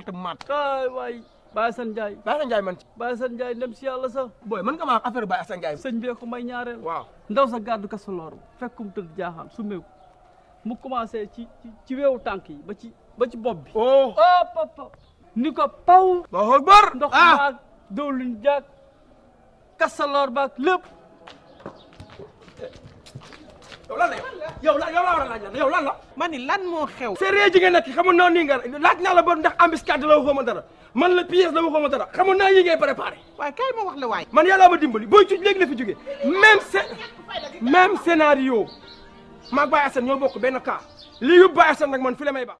te mat kaay waay Baye Assane Ndiaye Baye Ndiaye man ci Baye Assane Ndiaye dem si yàlla sax booy mën nga may ñaareel waaw ndaw sa gàddu kasaloor fekkum tëdd jaaxaan su meeku mu commencé ci ci weewu tànk yi ba ci ba ci bopp bi oh pop ni ko paw bor ndox baag ah. dawluñ jaag kasaloor baag lépp yow lan la yow a laaj lan la ma ni lan moo xew séeréer ji nga nekk xamoon naa nii nga laaj naa la ba ndax embuscade la waxoo ma dara man la pièce la waxoo ma dara xamoon naa yi ngay préparé waaye kay ma wax la waay man yàlla ma dimbali booy cuc léegi la fi jógee même sc même scénario maag Baye Assane ñoo bokk benn cas li yóbbu Baye Assane nag man fi may ba